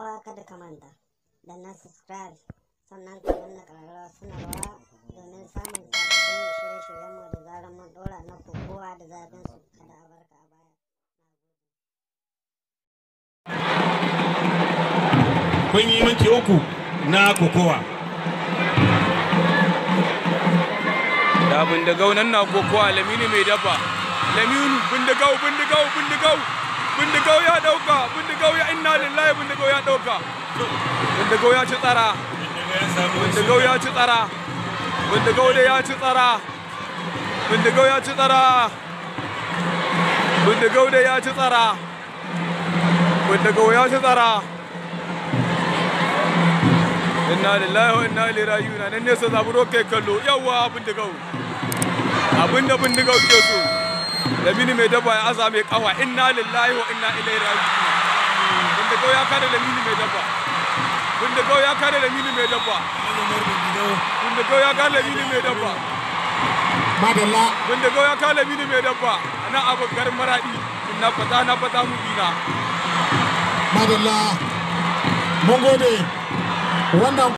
uwa kada ka manta da na subscribe sannan ka danna ƙararrawa sanarwa domin samun sabbin shirye-shiryenmu da zarar mun ɗora na kowa da zafin su kada a barka a baya. Kun yi minti uku na kokowa. Da bindigau nan na kokowa Lamini mai dafa. Lamini bindigau bindigau bindigau bindigau ya dauka. ya ɗauka bindigau ya ci tsara bindigau ya ci tsara bindigau da ya ci tsara ya inna lillahi wa inna ilaihi raji'un da mini mai daba ya aza mai inna lillahi wa inna ilaihi raji'un Gau ya kare mai dabba. ya kare mai dabba. ya kare mai dabba. Madalla. ya kare mai dabba. Ana garin maraɗi. Na fata na fata mu bina. Madalla. Mun gode. Wannan